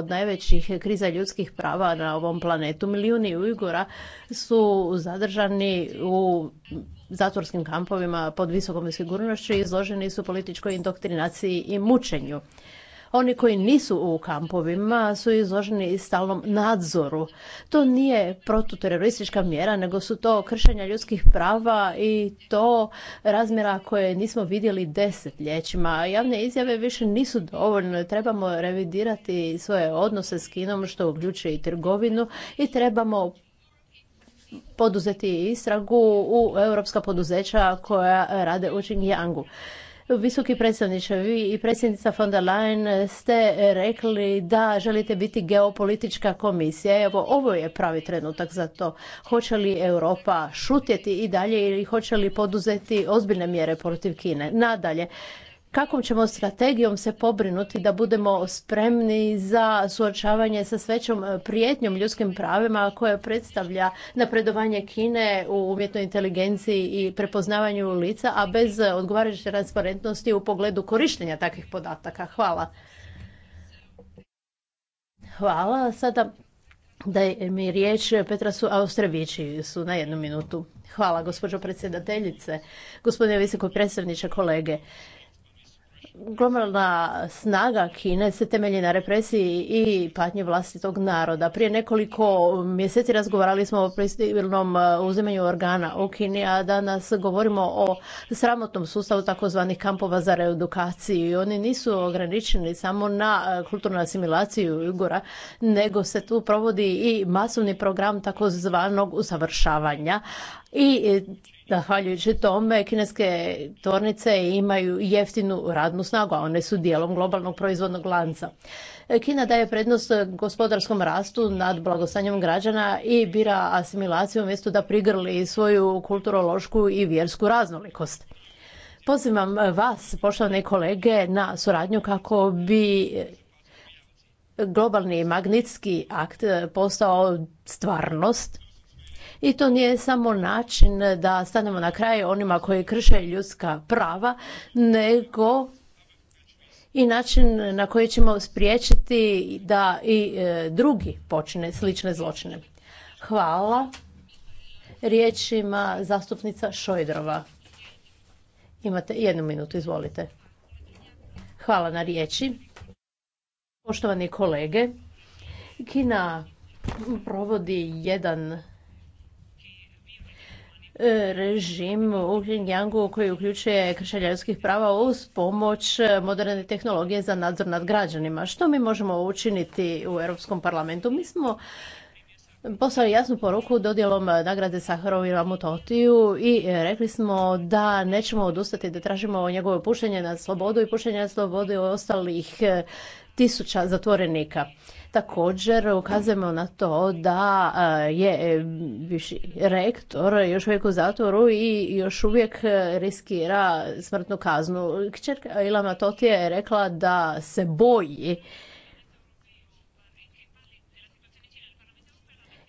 od najvećih kriza ljudskih prava na ovom planetu. Milijuni Ujgura su zadržani u zatvorskim kampovima pod visokom sigurnošću i izloženi su političkoj indoktrinaciji i mučenju. Oni koji nisu u kampovima su izloženi stalnom nadzoru. To nije protuteroristička mjera, nego su to kršenja ljudskih prava i to razmjera koje nismo vidjeli desetljećima. Javne izjave više nisu dovoljne. Trebamo revidirati svoje odnose s Kinom, što uključuje i trgovinu i trebamo poduzeti istragu u europska poduzeća koja rade u Xinjiangu. Visoki predstavniče, vi i predsjednica von der Leyen ste rekli da želite biti geopolitička komisija. Evo, ovo je pravi trenutak za to. Hoće li Europa šutjeti i dalje ili hoće li poduzeti ozbiljne mjere protiv Kine? Nadalje, kakvom ćemo strategijom se pobrinuti da budemo spremni za suočavanje sa svećom e, prijetnjom ljudskim pravima koja predstavlja napredovanje Kine u umjetnoj inteligenciji i prepoznavanju lica, a bez odgovarajuće transparentnosti u pogledu korištenja takvih podataka. Hvala. Hvala. Sada da mi riječ Petrasu Austrevići su na jednu minutu. Hvala, gospođo predsjedateljice, gospodine visoko predstavniče, kolege globalna snaga Kine se temelji na represiji i patnji vlastitog naroda. Prije nekoliko mjeseci razgovarali smo o prestibilnom e, uzimanju organa u Kini, a danas govorimo o sramotnom sustavu takozvanih kampova za reedukaciju. I oni nisu ograničeni samo na e, kulturnu asimilaciju Ugora, nego se tu provodi i masovni program takozvanog usavršavanja. I Zahvaljujući tome, kineske tornice imaju jeftinu radnu snagu, a one su dijelom globalnog proizvodnog lanca. Kina daje prednost gospodarskom rastu nad blagostanjem građana i bira asimilaciju umjesto da prigrli svoju kulturološku i vjersku raznolikost. Pozivam vas, poštovane kolege, na suradnju kako bi globalni magnitski akt postao stvarnost i to nije samo način da stanemo na kraj onima koji krše ljudska prava, nego i način na koji ćemo spriječiti da i e, drugi počine slične zločine. Hvala. Riječ ima zastupnica Šojdrova. Imate jednu minutu, izvolite. Hvala na riječi. Poštovani kolege, Kina provodi jedan režim u Xinjiangu koji uključuje kršenje ljudskih prava uz pomoć moderne tehnologije za nadzor nad građanima. Što mi možemo učiniti u Europskom parlamentu? Mi smo poslali jasnu poruku dodjelom nagrade Saharovi i Ramutotiju i rekli smo da nećemo odustati da tražimo njegovo pušenje na slobodu i pušenje na slobodu ostalih tisuća zatvorenika. Također ukazujemo na to da e, je bivši e, rektor još uvijek u zatvoru i još uvijek riskira smrtnu kaznu. Kćerka Ilama Toti je rekla da se boji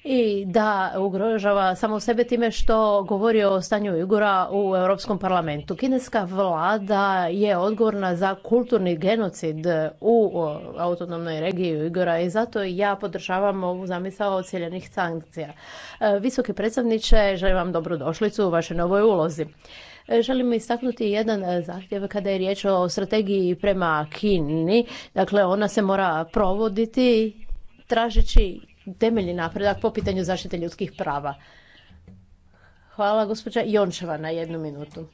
i da ugrožava samo sebe time što govori o stanju Ugora u Europskom parlamentu. Kineska vlada je odgovorna za kulturni genocid u autonomnoj regiji Ugora i zato ja podržavam ovu zamisao ocijeljenih sankcija. E, visoki predsjedniče želim vam dobrodošlicu u vašoj novoj ulozi. E, želim istaknuti jedan zahtjev kada je riječ o strategiji prema Kini. Dakle, ona se mora provoditi tražeći temeljni napredak po pitanju zaštite ljudskih prava. Hvala gospođa Jončeva na jednu minutu.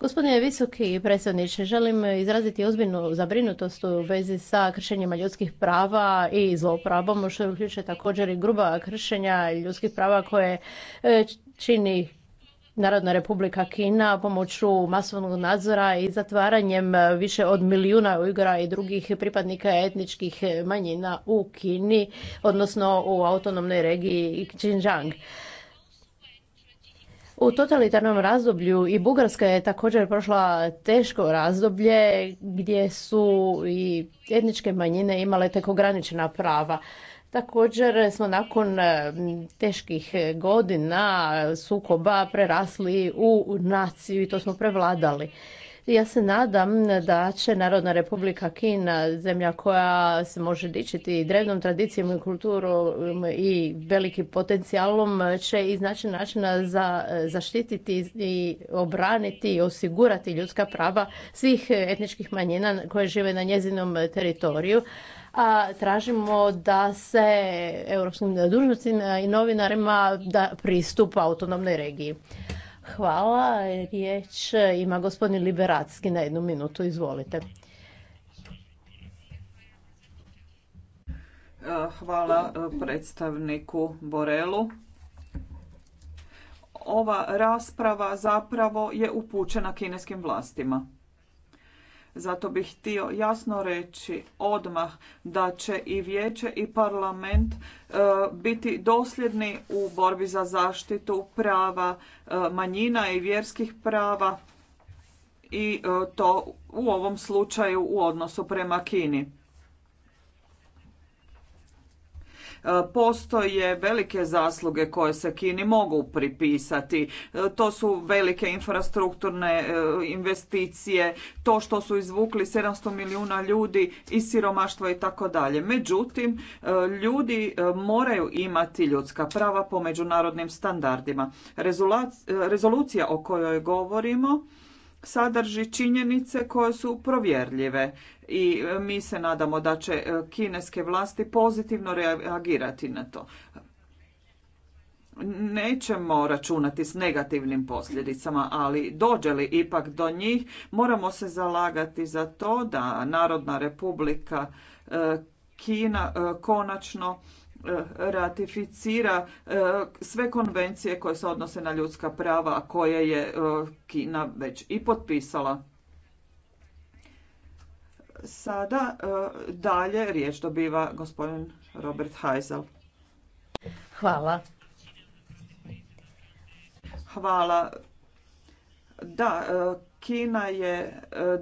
Gospodine visoki predsjedniče, želim izraziti ozbiljnu zabrinutost u vezi sa kršenjima ljudskih prava i zlouporabom, što uključuje također i gruba kršenja ljudskih prava koje e, čini Narodna republika Kina pomoću masovnog nadzora i zatvaranjem više od milijuna Ujgora i drugih pripadnika etničkih manjina u Kini, odnosno u autonomnoj regiji Xinjiang. U totalitarnom razdoblju i Bugarska je također prošla teško razdoblje gdje su i etničke manjine imale tek ograničena prava. Također smo nakon e, teških e, godina sukoba prerasli u naciju i to smo prevladali. Ja se nadam da će Narodna republika Kina, zemlja koja se može dičiti drevnom tradicijom i kulturom i velikim potencijalom, će iznaći načina za e, zaštititi i obraniti i osigurati ljudska prava svih etničkih manjina koje žive na njezinom teritoriju, a tražimo da se europskim dužnostima i novinarima da pristup autonomnoj regiji. Hvala. Riječ ima gospodin Liberatski na jednu minutu. Izvolite. E, hvala e, predstavniku Borelu. Ova rasprava zapravo je upućena kineskim vlastima. Zato bih htio jasno reći odmah da će i vijeće i parlament e, biti dosljedni u borbi za zaštitu prava e, manjina i vjerskih prava i e, to u ovom slučaju u odnosu prema Kini. E, postoje velike zasluge koje se Kini mogu pripisati. E, to su velike infrastrukturne e, investicije, to što su izvukli 700 milijuna ljudi iz siromaštva i tako dalje. Međutim, ljudi moraju imati ljudska prava po međunarodnim standardima. Rezolucija o kojoj govorimo sadrži činjenice koje su provjerljive i mi se nadamo da će e, kineske vlasti pozitivno reagirati na to. Nećemo računati s negativnim posljedicama, ali dođe li ipak do njih, moramo se zalagati za to da Narodna republika e, Kina e, konačno Eh, ratificira eh, sve konvencije koje se odnose na ljudska prava, a koje je eh, Kina već i potpisala. Sada dalje riječ dobiva gospodin Robert Heisel. Hvala. Hvala. Da, Kina je e,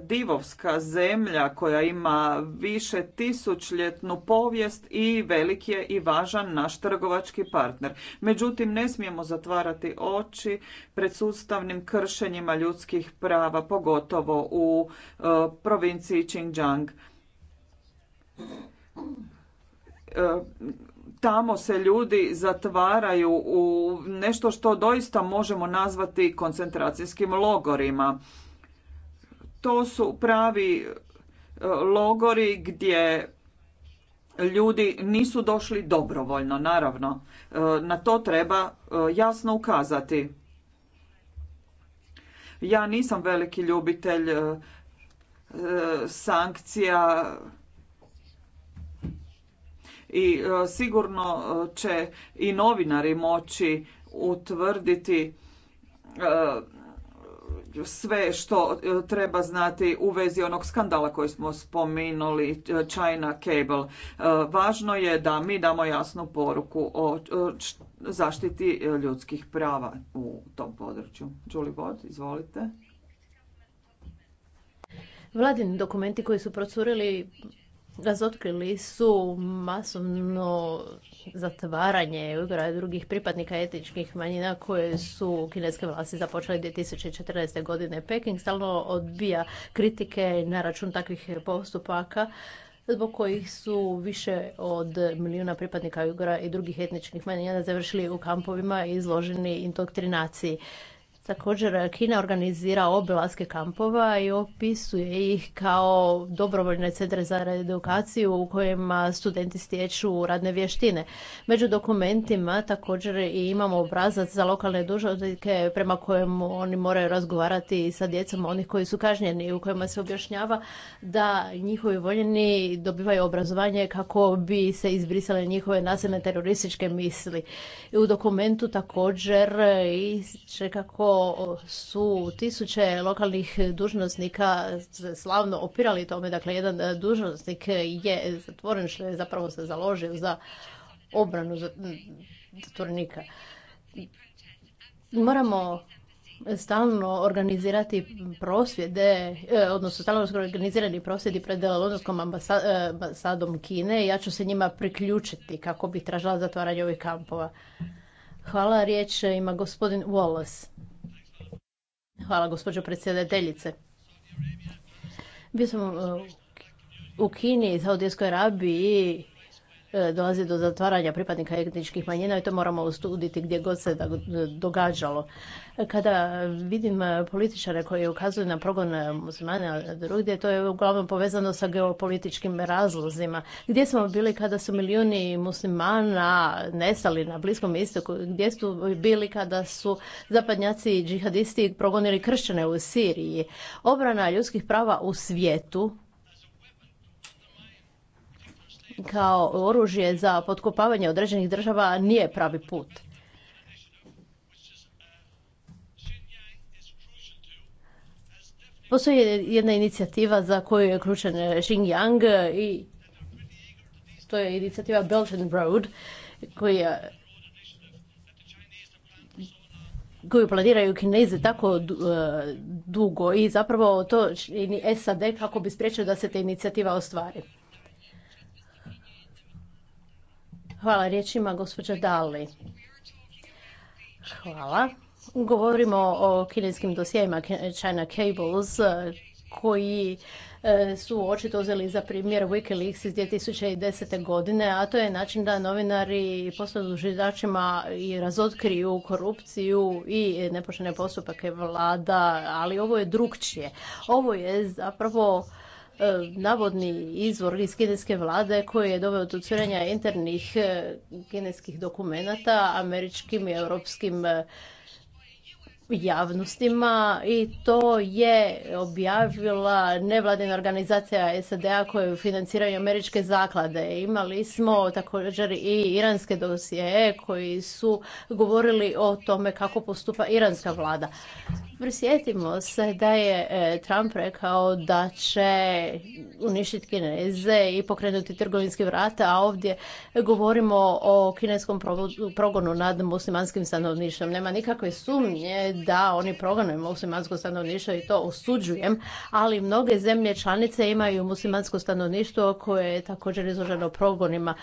divovska zemlja koja ima više tisućljetnu povijest i velik je i važan naš trgovački partner. Međutim, ne smijemo zatvarati oči pred sustavnim kršenjima ljudskih prava, pogotovo u e, provinciji Xinjiang. E, tamo se ljudi zatvaraju u nešto što doista možemo nazvati koncentracijskim logorima. To su pravi e, logori gdje ljudi nisu došli dobrovoljno, naravno. E, na to treba e, jasno ukazati. Ja nisam veliki ljubitelj sankcija i sigurno će i novinari moći utvrditi sve što e, treba znati u vezi onog skandala koji smo spominuli e, China Cable. E, važno je da mi damo jasnu poruku o zaštiti ljudskih prava u tom području. Julie izvolite. Vladini dokumenti koji su procurili razotkrili su masovno zatvaranje ugora i drugih pripadnika etničkih manjina koje su kineske vlasti započele 2014. godine. Peking stalno odbija kritike na račun takvih postupaka zbog kojih su više od milijuna pripadnika Ugora i drugih etničkih manjina završili u kampovima i izloženi indoktrinaciji. Također, e, Kina organizira obilaske kampova i opisuje ih kao dobrovoljne centre za edukaciju u kojima studenti stječu radne vještine. Među dokumentima također i imamo obrazac za lokalne dužnosnike prema kojem oni moraju razgovarati sa djecom onih koji su kažnjeni i u kojima se objašnjava da njihovi voljeni dobivaju obrazovanje kako bi se izbrisale njihove nasilne terorističke misli. u dokumentu također i kako su tisuće lokalnih dužnosnika slavno opirali tome. Dakle, jedan e, dužnosnik je zatvoren što je zapravo se založio za obranu zatvorenika. Moramo stalno organizirati prosvjede, e, odnosno stalno organizirani prosvjedi pred Londonskom e, ambasadom Kine. Ja ću se njima priključiti kako bih tražila zatvaranje ovih kampova. Hvala, riječ ima gospodin Wallace. Hvala gospođo predsjedateljice. Bio sam u Kini, Saudijskoj Arabiji E, dolazi do zatvaranja pripadnika etničkih manjina i to moramo ustuditi gdje god se događalo. Kada vidim političare koji ukazuju na progon muslimana drugdje, to je uglavnom povezano sa geopolitičkim razlozima. Gdje smo bili kada su milijuni muslimana nestali na Bliskom istoku? Gdje su bili kada su zapadnjaci i džihadisti progonili kršćane u Siriji? Obrana ljudskih prava u svijetu kao oružje za potkopavanje određenih država nije pravi put. Postoji jedna inicijativa za koju je ključan Xinjiang i to je inicijativa Belt and Road koja koju planiraju Kinezi tako e, dugo i zapravo to čini SAD kako bi spriječio da se ta inicijativa ostvari. Hvala riječima, gospođa Dali. Hvala. Govorimo o kineskim dosijajima China Cables koji e, su očito uzeli za primjer Wikileaks iz 2010. godine, a to je način da novinari postavljaju židačima i razotkriju korupciju i nepoštene postupake vlada, ali ovo je drugčije. Ovo je zapravo E, navodni izvor iz kineske vlade koji je doveo do curenja internih e, kineskih dokumenata američkim i europskim e, javnostima i to je objavila nevladina organizacija SAD-a koju financiraju američke zaklade. Imali smo također i iranske dosije koji su govorili o tome kako postupa iranska vlada. Prisjetimo se da je e, Trump rekao da će uništiti Kineze i pokrenuti trgovinski vrata, a ovdje govorimo o kineskom progonu nad muslimanskim stanovništvom. Nema nikakve sumnje da oni progone muslimansko stanovništvo i to osuđujem, ali mnoge zemlje članice imaju muslimansko stanovništvo koje je također izloženo progonima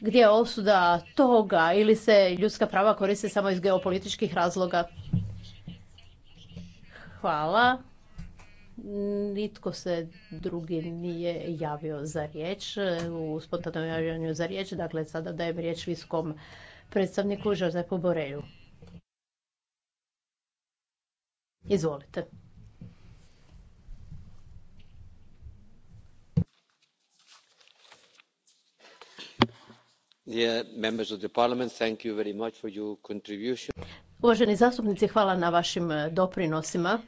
gdje je osuda toga ili se ljudska prava koriste samo iz geopolitičkih razloga. Hvala. Nitko se drugi nije javio za riječ u spontanom javljanju za riječ. Dakle, sada dajem riječ viskom predstavniku Žozepu Boreju. Izvolite. Uvaženi zastupnici, hvala na vašim eh, doprinosima.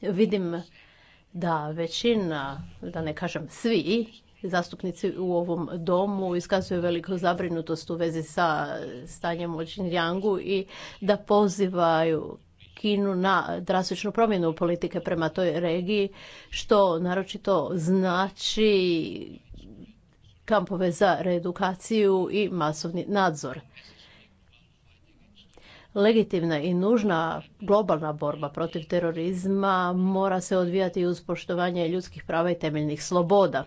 Vidim da većina, da ne kažem svi, zastupnici u ovom domu iskazuju veliku zabrinutost u vezi sa eh, stanjem u Xinjiangu i da pozivaju Kinu na drastičnu promjenu politike prema toj regiji, što naročito znači kampove za reedukaciju i masovni nadzor. Legitimna i nužna globalna borba protiv terorizma mora se odvijati uz poštovanje ljudskih prava i temeljnih sloboda.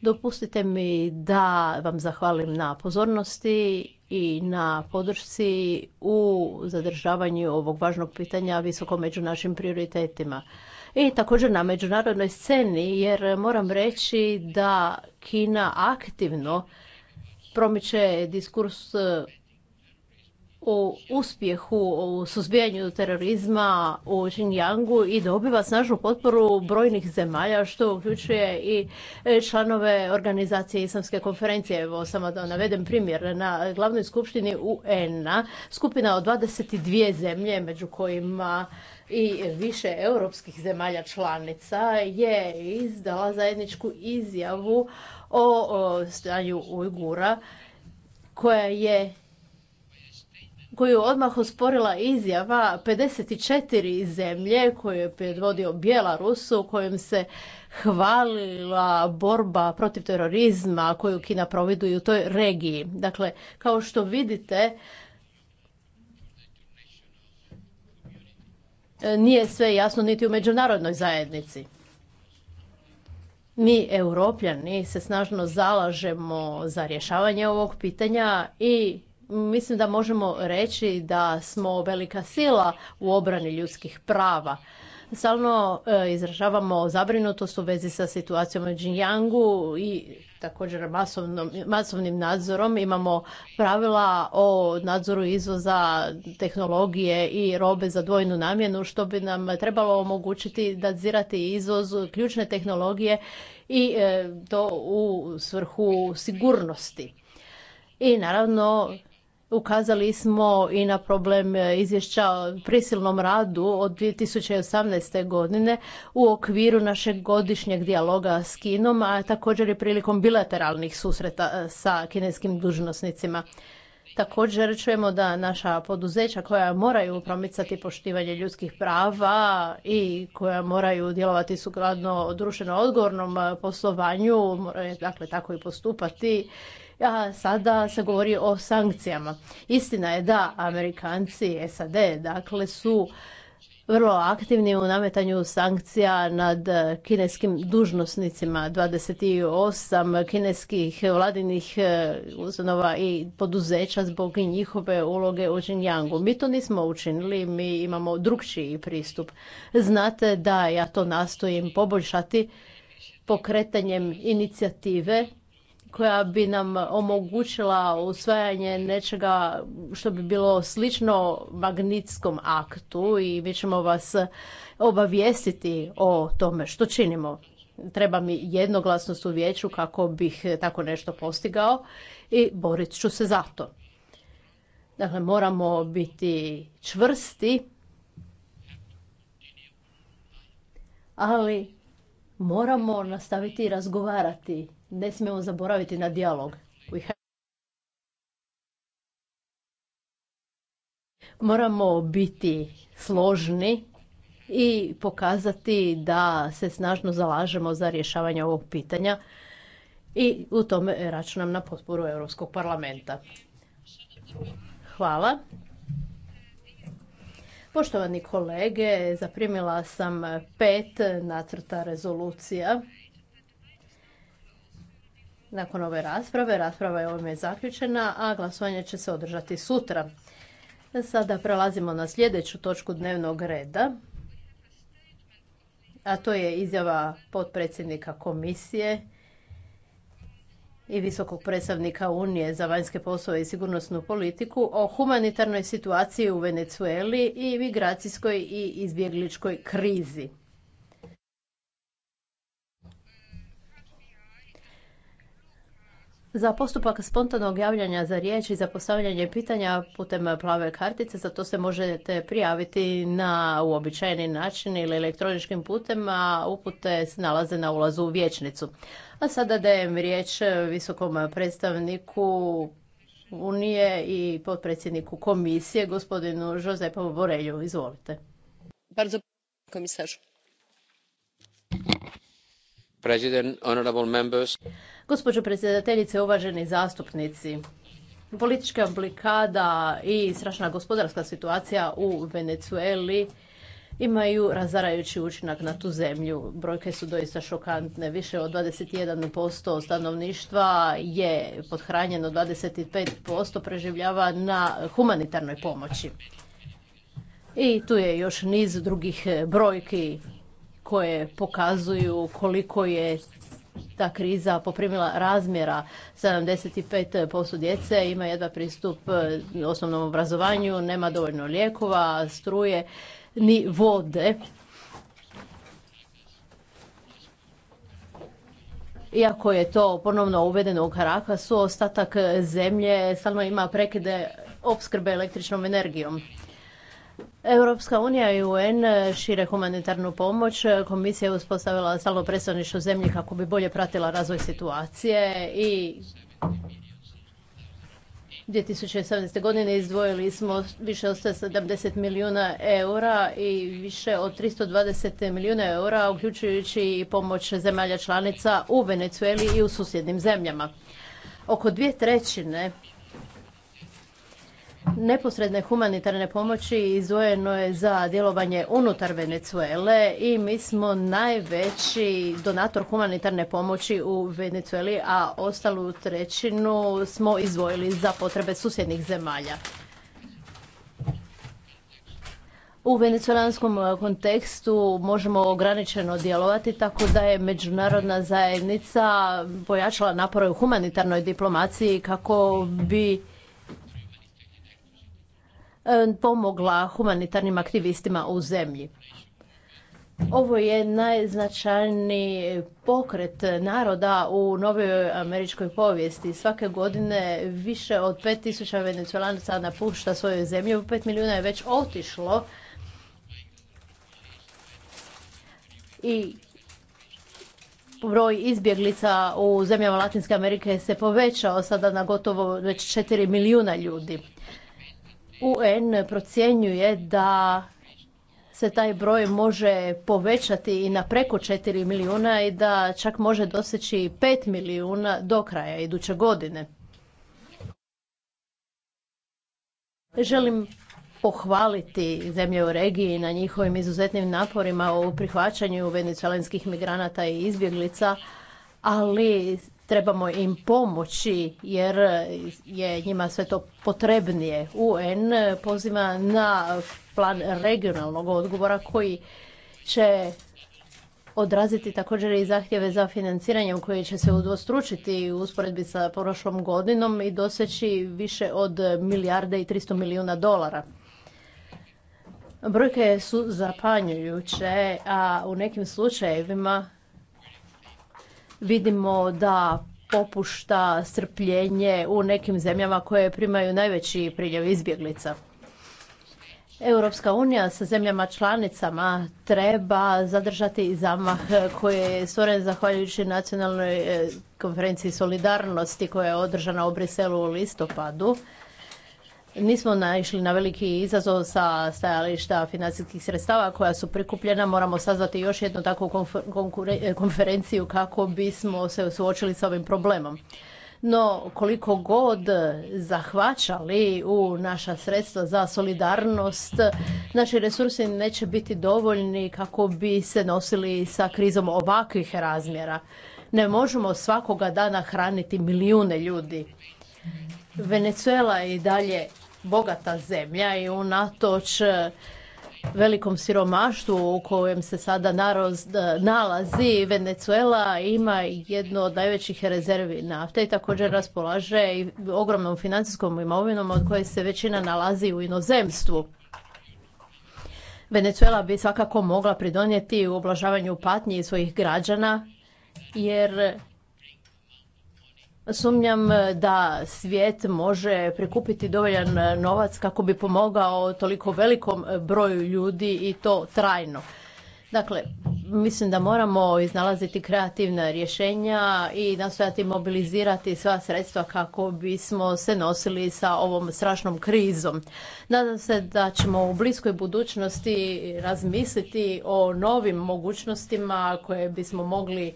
Dopustite mi da vam zahvalim na pozornosti i na podršci u zadržavanju ovog važnog pitanja visoko među našim prioritetima. I također na međunarodnoj sceni jer moram reći da Kina aktivno promiče diskurs o uspjehu u suzbijanju terorizma u Xinjiangu i dobiva snažnu potporu brojnih zemalja što uključuje i e, članove organizacije Islamske konferencije. Evo samo da navedem primjer. Na glavnoj skupštini UN-a skupina od 22 zemlje među kojima i više europskih zemalja članica je izdala zajedničku izjavu o stanju Ujgura koja je koju odmah osporila izjava 54 zemlje koju je predvodio Bjelarus u kojem se hvalila borba protiv terorizma koju Kina providuje u toj regiji. Dakle, kao što vidite, nije sve jasno niti u međunarodnoj zajednici. Mi, europljani, se snažno zalažemo za rješavanje ovog pitanja i mislim da možemo reći da smo velika sila u obrani ljudskih prava. Stalno e, izražavamo zabrinutost u vezi sa situacijom u Jinjangu i također masovnom, masovnim nadzorom. Imamo pravila o nadzoru izvoza tehnologije i robe za dvojnu namjenu, što bi nam trebalo omogućiti nadzirati izvoz ključne tehnologije i e, to u svrhu sigurnosti. I naravno Ukazali smo i na problem e, izvješća o prisilnom radu od 2018. godine u okviru našeg godišnjeg dijaloga s Kinom, a također i prilikom bilateralnih susreta e, sa kineskim dužnosnicima. Također čujemo da naša poduzeća koja moraju promicati poštivanje ljudskih prava i koja moraju djelovati sukladno društveno odgovornom e, poslovanju, moraju dakle tako i postupati a sada se govori o sankcijama. Istina je da Amerikanci, SAD, dakle su vrlo aktivni u nametanju sankcija nad kineskim dužnosnicima. 28 kineskih vladinih e, ustanova i poduzeća zbog njihove uloge u Xinjiangu. Mi to nismo učinili, mi imamo drugčiji pristup. Znate da ja to nastojim poboljšati pokretanjem inicijative koja bi nam omogućila usvajanje nečega što bi bilo slično magnitskom aktu i mi ćemo vas obavijestiti o tome što činimo. Treba mi jednoglasnost u vijeću kako bih tako nešto postigao i borit ću se za to. Dakle, moramo biti čvrsti, ali moramo nastaviti razgovarati ne smijemo zaboraviti na dijalog. Moramo biti složni i pokazati da se snažno zalažemo za rješavanje ovog pitanja i u tome računam na potporu Europskog parlamenta. Hvala. Poštovani kolege, zaprimila sam pet nacrta rezolucija nakon ove rasprave. Rasprava je ovime zaključena, a glasovanje će se održati sutra. Sada prelazimo na sljedeću točku dnevnog reda, a to je izjava potpredsjednika komisije i visokog predstavnika Unije za vanjske poslove i sigurnosnu politiku o humanitarnoj situaciji u Venezueli i migracijskoj i izbjegličkoj krizi. Za postupak spontanog javljanja za riječ i za postavljanje pitanja putem plave kartice, za to se možete prijaviti na uobičajeni način ili elektroničkim putem, a upute se nalaze na ulazu u vječnicu. A sada dajem riječ visokom predstavniku Unije i potpredsjedniku komisije, gospodinu Žozepovu Borelju. Izvolite. Bardzo komisar. President, honorable members. Gospođo predsjedateljice, uvaženi zastupnici, politička blikada i strašna gospodarska situacija u Venezueli imaju razarajući učinak na tu zemlju. Brojke su doista šokantne. Više od 21% stanovništva je podhranjeno, 25% preživljava na humanitarnoj pomoći. I tu je još niz drugih brojki koje pokazuju koliko je ta kriza poprimila razmjera. 75% djece ima jedva pristup e, osnovnom obrazovanju, nema dovoljno lijekova, struje, ni vode. Iako je to ponovno uvedeno u Karakasu, ostatak zemlje stalno ima prekide opskrbe električnom energijom. Europska unija i UN šire humanitarnu pomoć. Komisija je uspostavila stalno predstavništvo zemlji kako bi bolje pratila razvoj situacije i 2017. godine izdvojili smo više od 170 milijuna eura i više od 320 milijuna eura, uključujući i pomoć zemalja članica u Venecueli i u susjednim zemljama. Oko dvije trećine neposredne humanitarne pomoći izvojeno je za djelovanje unutar Venezuele i mi smo najveći donator humanitarne pomoći u Venezueli, a ostalu trećinu smo izdvojili za potrebe susjednih zemalja. U venezuelanskom kontekstu možemo ograničeno djelovati tako da je međunarodna zajednica pojačala napore u humanitarnoj diplomaciji kako bi E, pomogla humanitarnim aktivistima u zemlji. Ovo je najznačajniji pokret naroda u novoj američkoj povijesti. Svake godine više od 5000 venecijalanica napušta svoju zemlju, 5 milijuna je već otišlo. I broj izbjeglica u zemljama Latinske Amerike se povećao sada na gotovo već 4 milijuna ljudi. UN procjenjuje da se taj broj može povećati i na preko 4 milijuna i da čak može doseći 5 milijuna do kraja iduće godine. Želim pohvaliti zemlje u regiji na njihovim izuzetnim naporima u prihvaćanju venezuelanskih migranata i izbjeglica, ali trebamo im pomoći jer je njima sve to potrebnije. UN poziva na plan regionalnog odgovora koji će odraziti također i zahtjeve za financiranjem koje će se udvostručiti u usporedbi sa prošlom godinom i doseći više od milijarde i 300 milijuna dolara. Brojke su zapanjujuće, a u nekim slučajevima Vidimo da popušta strpljenje u nekim zemljama koje primaju najveći priljev izbjeglica. Europska unija sa zemljama članicama treba zadržati zamah koji je stvoren zahvaljujući nacionalnoj eh, konferenciji solidarnosti koja je održana u Briselu u listopadu nismo naišli na veliki izazov sa stajališta financijskih sredstava koja su prikupljena. Moramo sazvati još jednu takvu eh, konferenciju kako bismo se suočili sa ovim problemom. No, koliko god zahvaćali u naša sredstva za solidarnost, naši resursi neće biti dovoljni kako bi se nosili sa krizom ovakvih razmjera. Ne možemo svakoga dana hraniti milijune ljudi. Venezuela je i dalje bogata zemlja i unatoč e, velikom siromaštvu u kojem se sada narod e, nalazi Venezuela ima jednu od najvećih rezervi nafte i također raspolaže i ogromnom financijskom imovinom od koje se većina nalazi u inozemstvu. Venezuela bi svakako mogla pridonijeti u oblažavanju patnje svojih građana jer Sumnjam e, da svijet može prikupiti dovoljan e, novac kako bi pomogao toliko velikom e, broju ljudi i to trajno. Dakle, mislim da moramo iznalaziti kreativna rješenja i nastojati mobilizirati sva sredstva kako bismo se nosili sa ovom strašnom krizom. Nadam se da ćemo u bliskoj budućnosti razmisliti o novim mogućnostima koje bismo mogli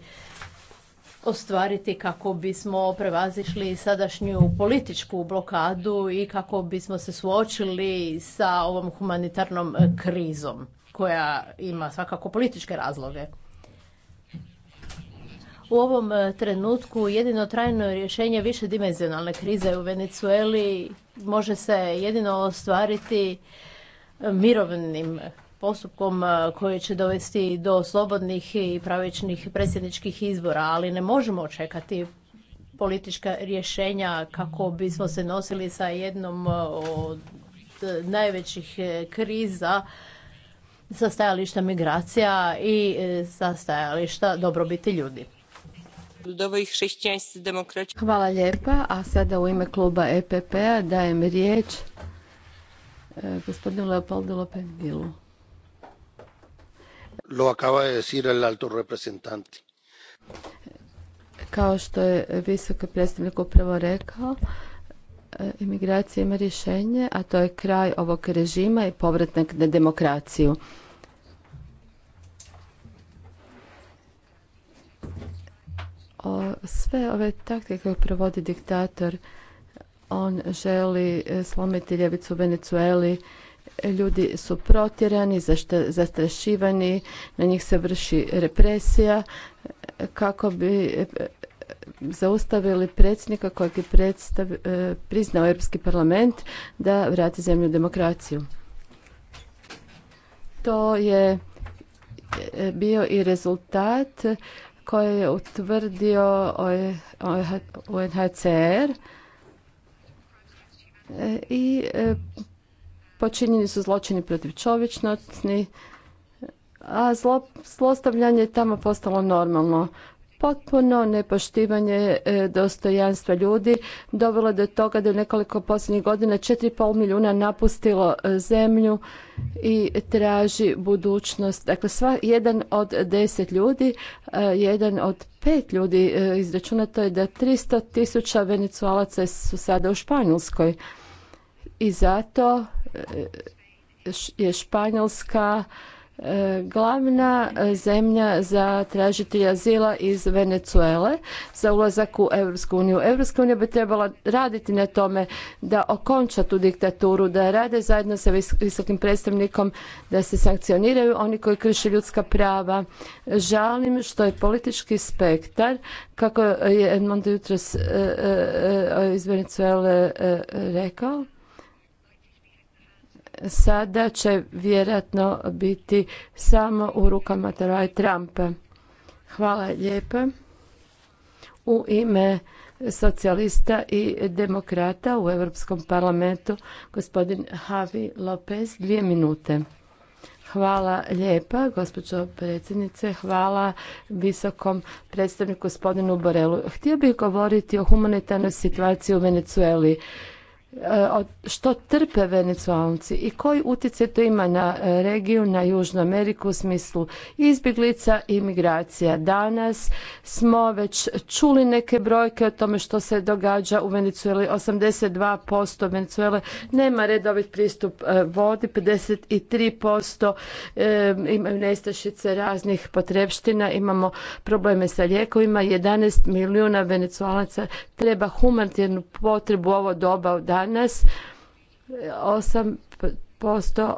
ostvariti kako bismo prevazišli sadašnju političku blokadu i kako bismo se suočili sa ovom humanitarnom krizom koja ima svakako političke razloge. U ovom e, trenutku jedino trajno rješenje višedimenzionalne krize u Venezueli može se jedino ostvariti e, mirovnim postupkom e, koji će dovesti do slobodnih i pravičnih predsjedničkih izbora, ali ne možemo očekati politička rješenja kako bismo se nosili sa jednom e, od najvećih e, kriza sa stajališta migracija i sa stajališta dobrobiti ljudi. Hvala lijepa, a sada u ime kluba EPP-a dajem riječ gospodinu Leopoldu Lopendilu. Lo Kao što je visoki predstavnik upravo rekao, e, imigracija ima rješenje, a to je kraj ovog režima i povratak na demokraciju. sve ove taktike koje provodi diktator, on želi e, slomiti ljevicu u Venecueli, ljudi su protjerani, zastrašivani, na njih se vrši represija kako bi e, zaustavili predsjednika kojeg je e, priznao Europski parlament da vrati zemlju demokraciju. To je e, bio i rezultat koji je utvrdio UNHCR i počinjeni su zločini protiv čovječnosti, a zlostavljanje je tamo postalo normalno. Potpuno nepoštivanje e, dostojanstva ljudi dovelo do toga da je nekoliko posljednjih godina 4,5 milijuna napustilo e, zemlju i traži budućnost. Dakle, sva, jedan od deset ljudi, e, jedan od pet ljudi izračunato je da 300 tisuća venecualaca su sada u Španjolskoj. I zato je Španjolska e, glavna zemlja za tražiti azila iz Venezuele za ulazak u Europsku uniju. unija bi trebala raditi na tome da okonča tu diktaturu, da rade zajedno sa visokim predstavnikom, da se sankcioniraju oni koji krše ljudska prava. Žalim što je politički spektar, kako je Edmond Jutros e, e, iz Venezuele rekao, sada će vjerojatno biti samo u rukama Trumpa. Hvala lijepa. U ime socijalista i demokrata u Europskom parlamentu gospodin Javi Lopez dvije minute. Hvala lijepa, gospođo predsjednice, hvala visokom predstavniku gospodinu Borelu. Htio bih govoriti o humanitarnoj situaciji u Venecueli. Eh, što trpe venecualci i koji utjecaj to ima na eh, regiju, na Južnu Ameriku u smislu izbjeglica i migracija. Danas smo već čuli neke brojke o tome što se događa u Venecueli. 82% Venecuele nema redovit pristup eh, vodi, 53% imaju nestašice raznih potrebština, imamo probleme sa lijekovima, 11 milijuna venecualaca treba humanitarnu potrebu ovo doba da danas 8%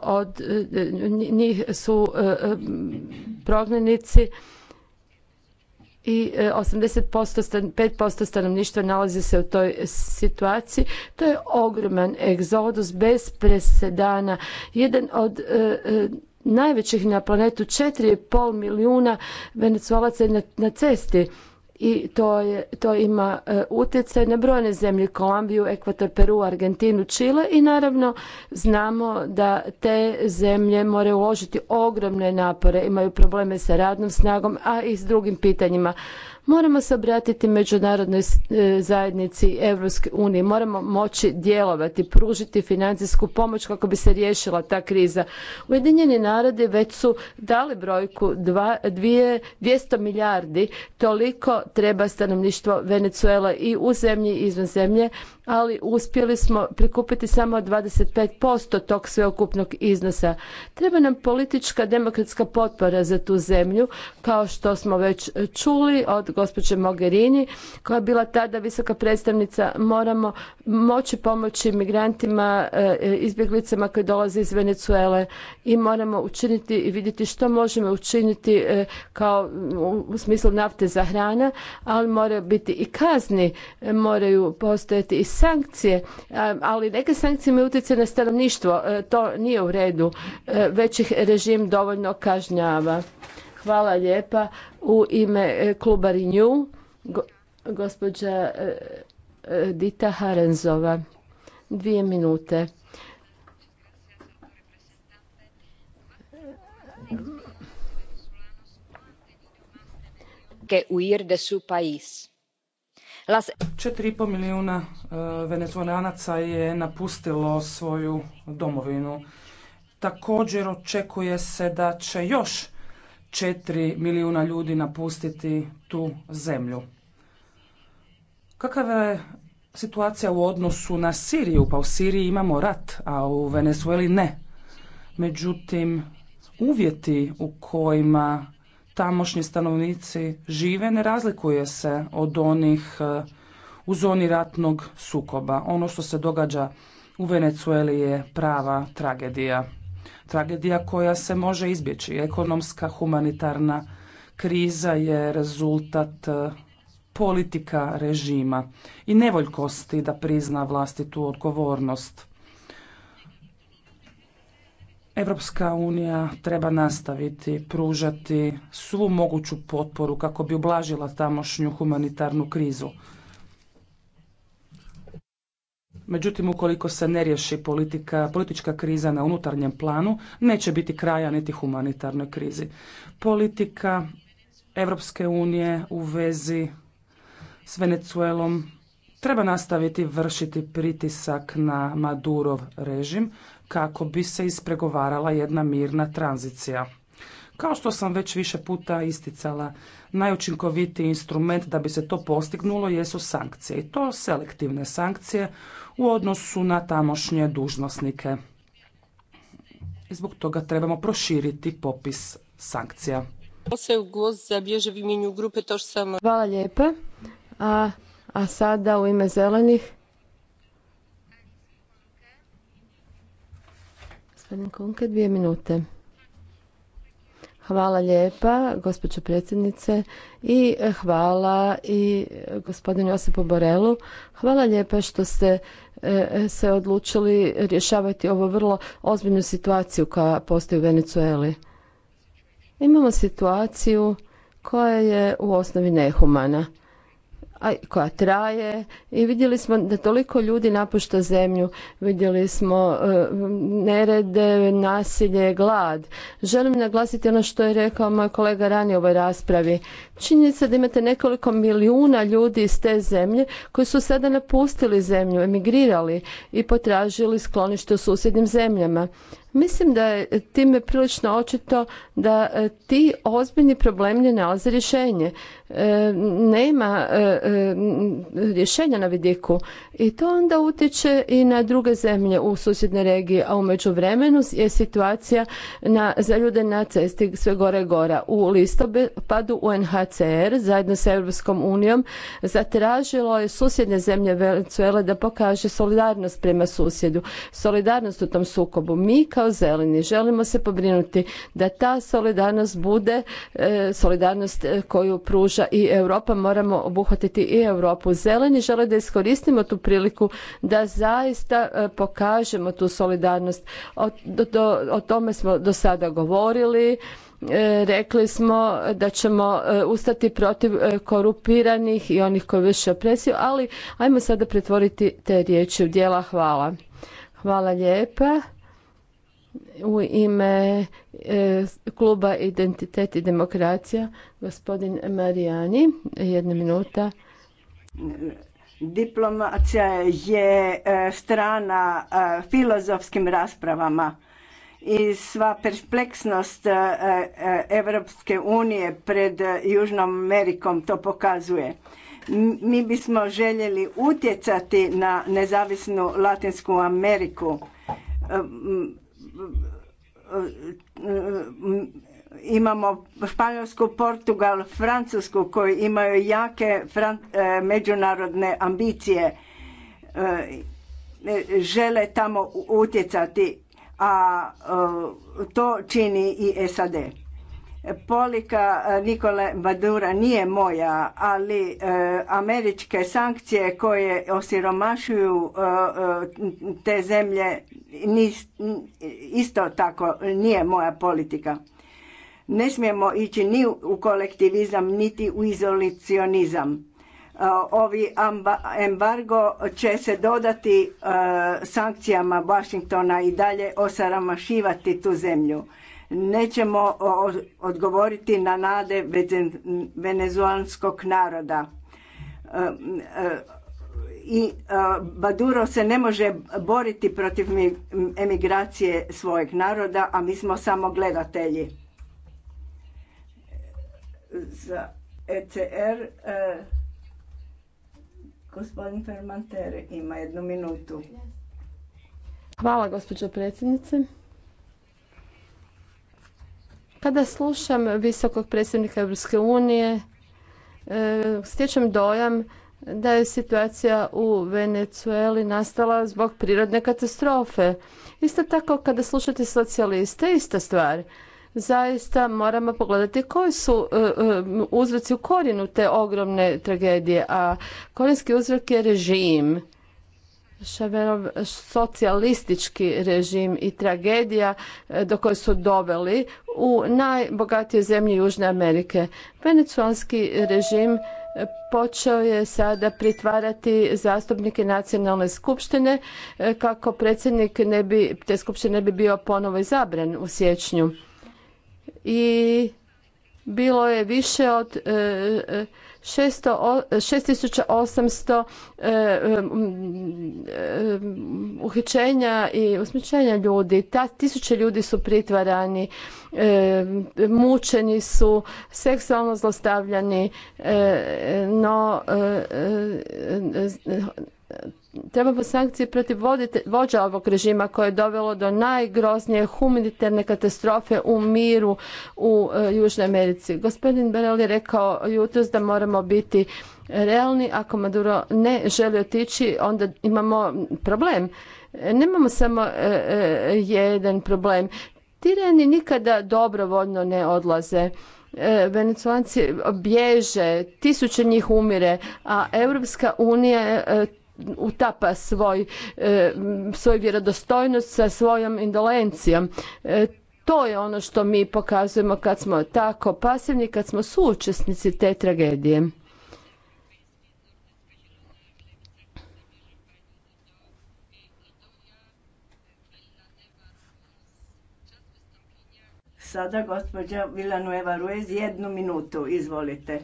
od e, njih su e, e, prognanici i 80%, 5% stanovništva nalazi se u toj situaciji. To je ogroman egzodus bez presedana. Jedan od najvećih na planetu, 4,5 milijuna venecualaca je na cesti i to, je, to ima e, utjecaj na brojne zemlje Kolambiju, Ekvator, Peru, Argentinu, Čile i naravno znamo da te zemlje moraju uložiti ogromne napore, imaju probleme sa radnom snagom, a i s drugim pitanjima. Moramo se obratiti međunarodnoj e, zajednici Europske unije. Moramo moći djelovati, pružiti financijsku pomoć kako bi se riješila ta kriza. Ujedinjeni narodi već su dali brojku 200 milijardi. Toliko treba stanovništvo Venezuela i u zemlji i izvan zemlje ali uspjeli smo prikupiti samo 25% tog sveukupnog iznosa. Treba nam politička demokratska potpora za tu zemlju, kao što smo već čuli od gospođe Mogherini, koja je bila tada visoka predstavnica, moramo moći pomoći migrantima, eh, izbjeglicama koji dolaze iz Venecuele i moramo učiniti i vidjeti što možemo učiniti eh, kao u smislu nafte za hrana, ali moraju biti i kazni, eh, moraju postojati i sankcije, ali neke sankcije imaju utjecaj na stanovništvo. E, to nije u redu, e, već ih režim dovoljno kažnjava. Hvala lijepa. U ime e, kluba Renew, gospođa Dita Harenzova. Dvije minute. que huir de su 4,5 milijuna e, venezuelanaca je napustilo svoju domovinu. Također očekuje se da će još četiri milijuna ljudi napustiti tu zemlju. Kakva je situacija u odnosu na Siriju? Pa u Siriji imamo rat, a u Venezueli ne. Međutim, uvjeti u kojima tamošnji stanovnici žive ne razlikuje se od onih e, u zoni ratnog sukoba. Ono što se događa u Venecueli je prava tragedija. Tragedija koja se može izbjeći. Ekonomska, humanitarna kriza je rezultat e, politika režima i nevoljkosti da prizna vlastitu odgovornost. Evropska unija treba nastaviti pružati svu moguću potporu kako bi ublažila tamošnju humanitarnu krizu. Međutim, ukoliko se ne riješi politika, politička kriza na unutarnjem planu, neće biti kraja niti humanitarnoj krizi. Politika Evropske unije u vezi s Venezuelom Treba nastaviti vršiti pritisak na Madurov režim kako bi se ispregovarala jedna mirna tranzicija. Kao što sam već više puta isticala, najučinkovitiji instrument da bi se to postignulo jesu sankcije i to selektivne sankcije u odnosu na tamošnje dužnosnike. I zbog toga trebamo proširiti popis sankcija. Hvala lijepa. A a sada u ime zelenih. Gospodin Kunke, dvije minute. Hvala lijepa, gospođo predsjednice, i hvala i gospodinu Josipu Borelu. Hvala lijepa što ste e, se odlučili rješavati ovo vrlo ozbiljnu situaciju koja postoji u Venecueli. Imamo situaciju koja je u osnovi nehumana koja traje i vidjeli smo da toliko ljudi napušta zemlju, vidjeli smo e, nerede, nasilje, glad. Želim naglasiti ono što je rekao moj kolega ranije u ovoj raspravi. Činjenica da imate nekoliko milijuna ljudi iz te zemlje koji su sada napustili zemlju, emigrirali i potražili sklonište u susjednim zemljama. Mislim da je time prilično očito da e, ti ozbiljni problemi ne nalaze rješenje. E, nema e, rješenja na vidiku i to onda utječe i na druge zemlje u susjednoj regiji, a u međuvremenu je situacija na, za ljude na cesti sve gore i gora. U listopadu UNHCR zajedno sa Europskom unijom zatražilo je susjedne zemlje Venezuele da pokaže solidarnost prema susjedu, solidarnost u tom sukobu. Mi kao kao zeleni. Želimo se pobrinuti da ta solidarnost bude e, solidarnost e, koju pruža i Europa. Moramo obuhvatiti i Europu. Zeleni žele da iskoristimo tu priliku da zaista e, pokažemo tu solidarnost. O, tome smo do sada govorili rekli smo da ćemo ustati protiv korupiranih i onih koji više opresiju, ali ajmo sada pretvoriti te riječi u dijela. Hvala. Hvala lijepa u ime e, kluba Identitet i demokracija, gospodin Marijani, jedna minuta. Diplomacija je e, strana e, filozofskim raspravama i sva perpleksnost Evropske unije pred Južnom Amerikom to pokazuje. Mi bismo željeli utjecati na nezavisnu Latinsku Ameriku imamo Španjolsku, Portugal, Francusku koji imaju jake e, međunarodne ambicije e, e, žele tamo utjecati, a to čini i SAD. Polika eh, Nikole Badura nije moja, ali eh, američke sankcije koje osiromašuju eh, te zemlje isto tako nije moja politika. Ne smijemo ići ni u kolektivizam, niti u izolicionizam. Ovi embargo će se dodati sankcijama Washingtona i dalje osaramašivati tu zemlju nećemo odgovoriti na nade venezuelanskog naroda. E, e, I Baduro e, se ne može boriti protiv emigracije svojeg naroda, a mi smo samo gledatelji. Za ECR gospodin Fermantere ima jednu minutu. Hvala gospođo predsjednice. Kada pa slušam visokog predsjednika Europske unije, e, stječem dojam da je situacija u Venecueli nastala zbog prirodne katastrofe. Isto tako kada slušate socijaliste, ista stvar. Zaista moramo pogledati koji su e, e, uzroci u korinu te ogromne tragedije, a korinski uzrok je režim Šaverov socijalistički režim i tragedija e, do koje su doveli u najbogatije zemlje Južne Amerike. Venecuanski režim e, počeo je sada pritvarati zastupnike nacionalne skupštine e, kako predsjednik ne bi, te skupštine ne bi bio ponovo izabran u siječnju. I bilo je više od 6800 e, e, uhićenja i usmićenja ljudi. Ta tisuće ljudi su pritvarani, e, mučeni su, seksualno zlostavljani, no trebamo sankcije protiv vođa ovog režima koje je dovelo do najgroznije humanitarne katastrofe u miru u e, Južnoj Americi. Gospodin Berel je rekao jutros da moramo biti realni. Ako Maduro ne želi otići, onda imamo problem. Nemamo samo e, e, jedan problem. Tirani nikada dobrovoljno ne odlaze. Venecuanci bježe, tisuće njih umire, a Europska unija utapa svoj, e, svoju vjerodostojnost sa svojom indolencijom. E, to je ono što mi pokazujemo kad smo tako pasivni, kad smo suučesnici te tragedije. Sada gospođa Villanueva Ruiz, jednu minutu, izvolite.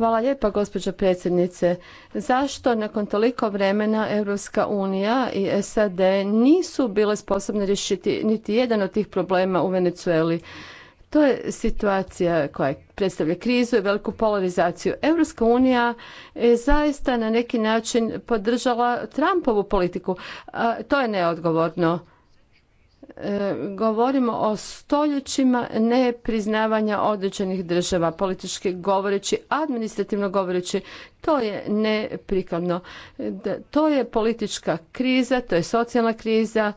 Hvala lijepa gospođo predsjednice. Zašto nakon toliko vremena Europska unija i SAD nisu bile sposobne riješiti niti jedan od tih problema u Venecueli? To je situacija koja predstavlja krizu i veliku polarizaciju. Europska unija je zaista na neki način podržala Trumpovu politiku. To je neodgovorno govorimo o stoljećima nepriznavanja određenih država, politički govoreći, administrativno govoreći. To je neprikladno. To je politička kriza, to je socijalna kriza,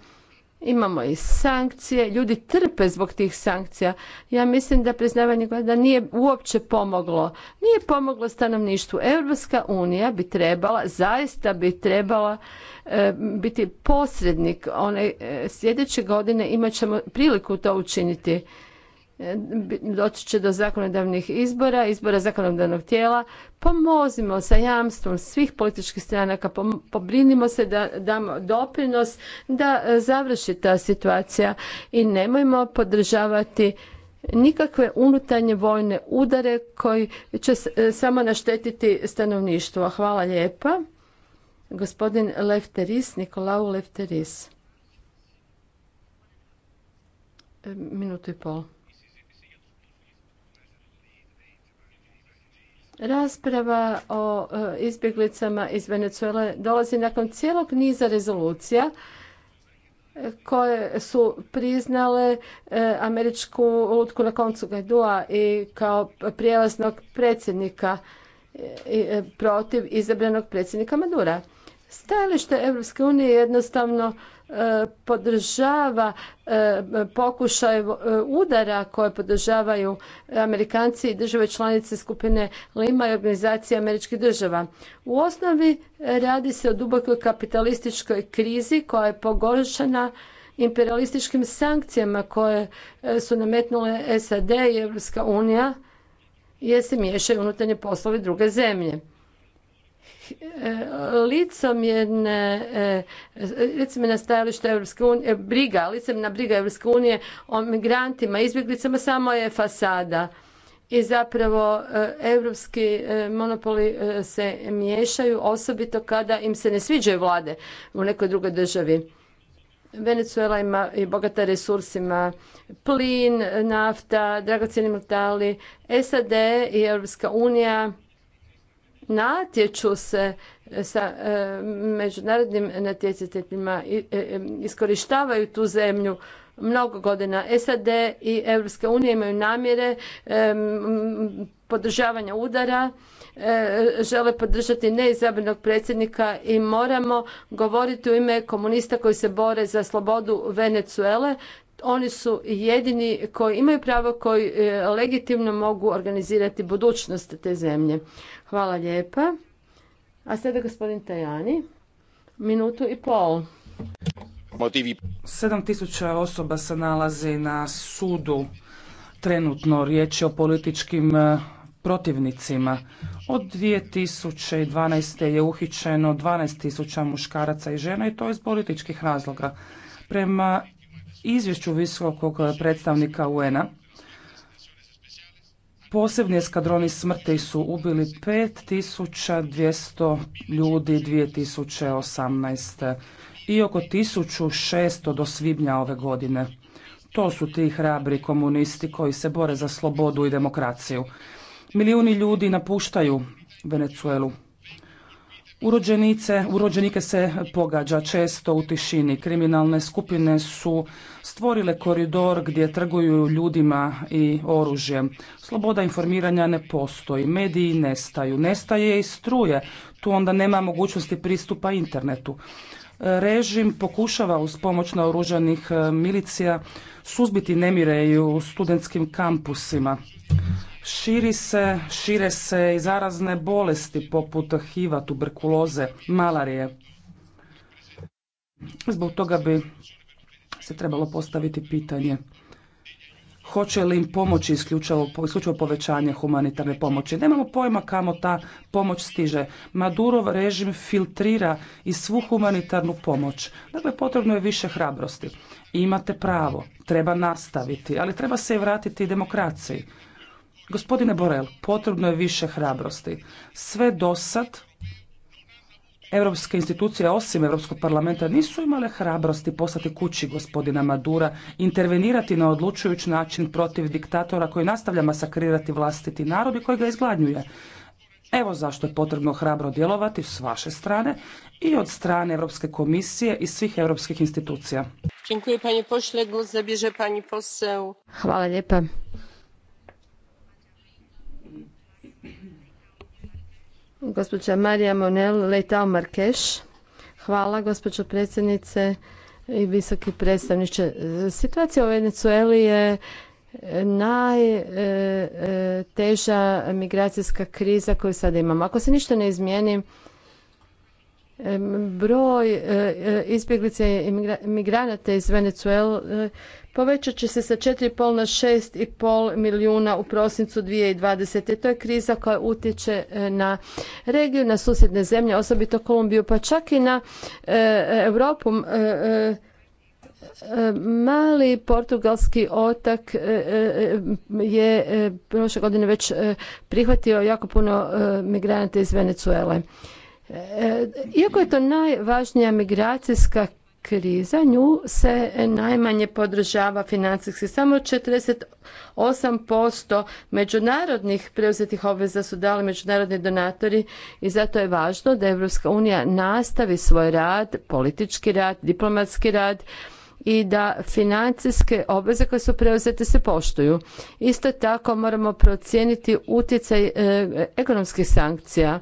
imamo i sankcije, ljudi trpe zbog tih sankcija. Ja mislim da priznavanje da nije uopće pomoglo. Nije pomoglo stanovništvu. Europska unija bi trebala, zaista bi trebala e, biti posrednik. One e, sljedeće godine imat ćemo priliku to učiniti. E, doći će do zakonodavnih izbora, izbora zakonodavnog tijela. Pomozimo sa jamstvom svih političkih stranaka, pobrinimo se da damo doprinos da e, završi ta situacija i nemojmo podržavati nikakve unutarnje vojne udare koji će e, samo naštetiti stanovništvo. Hvala lijepa. Gospodin Lefteris, Nikolau Lefteris. Minutu i pol. Rasprava o e, izbjeglicama iz Venezuele dolazi nakon cijelog niza rezolucija e, koje su priznale e, američku lutku na koncu Gajdua i kao prijelaznog predsjednika protiv izabranog predsjednika Madura. Stajalište Europske unije jednostavno podržava e, pokušaj e, udara koje podržavaju Amerikanci i države članice skupine Lima i organizacije američkih država. U osnovi radi se o dubokoj kapitalističkoj krizi koja je pogoršana imperialističkim sankcijama koje e, su nametnule SAD i Europska unija jer se miješaju unutarnje poslove druge zemlje licomjerne e, na stajalište Evropske unije, e, briga, na briga Evropske unije o migrantima, izbjeglicama samo je fasada. I zapravo e, evropski monopoli se miješaju osobito kada im se ne sviđaju vlade u nekoj drugoj državi. Venezuela ima i bogata resursima plin, nafta, dragocjeni metali, SAD i Europska unija natječu se e, sa e, međunarodnim natjecateljima i e, iskorištavaju tu zemlju mnogo godina. SAD i Europska unija imaju namjere podržavanja udara, žele podržati neizabranog predsjednika i moramo govoriti u ime komunista koji se bore za slobodu Venezuele oni su jedini koji imaju pravo koji e, legitimno mogu organizirati budućnost te zemlje. Hvala lijepa. A sada gospodin Tajani, minutu i pol. Motivi. 7000 osoba se nalazi na sudu trenutno. Riječ je o političkim e, protivnicima. Od 2012. je uhićeno 12.000 muškaraca i žena i to iz političkih razloga. Prema izvješću visokog predstavnika UN-a posebni eskadroni smrti su ubili 5200 ljudi 2018. i oko 1600 do svibnja ove godine. To su ti hrabri komunisti koji se bore za slobodu i demokraciju. Milijuni ljudi napuštaju Venecuelu. Urođenice, urođenike se pogađa često u tišini. Kriminalne skupine su stvorile koridor gdje trguju ljudima i oružjem. Sloboda informiranja ne postoji, mediji nestaju, nestaje i struje. Tu onda nema mogućnosti pristupa internetu. Režim pokušava uz pomoć naoružanih milicija suzbiti nemire i u studentskim kampusima. Širi se, šire se i zarazne bolesti poput HIV-a, tuberkuloze, malarije. Zbog toga bi se trebalo postaviti pitanje hoće li im pomoći isključivo, isključivo povećanje humanitarne pomoći. Nemamo pojma kamo ta pomoć stiže. Madurov režim filtrira i svu humanitarnu pomoć. Dakle, potrebno je više hrabrosti. Imate pravo, treba nastaviti, ali treba se i vratiti demokraciji. Gospodine Borel, potrebno je više hrabrosti. Sve do sad europske institucije, osim Europskog parlamenta, nisu imale hrabrosti poslati kući gospodina Madura, intervenirati na odlučujući način protiv diktatora koji nastavlja masakrirati vlastiti narod i koji ga izgladnjuje. Evo zašto je potrebno hrabro djelovati s vaše strane i od strane Europske komisije i svih europskih institucija. Hvala lijepa. Gospođa Marija Monel, Leitao Markeš. Hvala gospođo predsjednice i visoki predstavniče. Situacija u Venezueli je e, najteža e, e, migracijska kriza koju sada imamo. Ako se ništa ne izmijeni, broj e, e, izbjeglica i migranata iz venezuela e, povećat će se sa 4,5 na 6,5 milijuna u prosincu 2020. To je kriza koja utječe na regiju, na susjedne zemlje, osobito Kolumbiju, pa čak i na Europu. Mali portugalski otak je prošle godine već prihvatio jako puno migranata iz Venezuele. Iako je to najvažnija migracijska kriza, nju se najmanje podržava financijski. Samo 48% međunarodnih preuzetih obveza su dali međunarodni donatori i zato je važno da Europska unija nastavi svoj rad, politički rad, diplomatski rad i da financijske obveze koje su preuzete se poštuju. Isto tako moramo procijeniti utjecaj eh, ekonomskih sankcija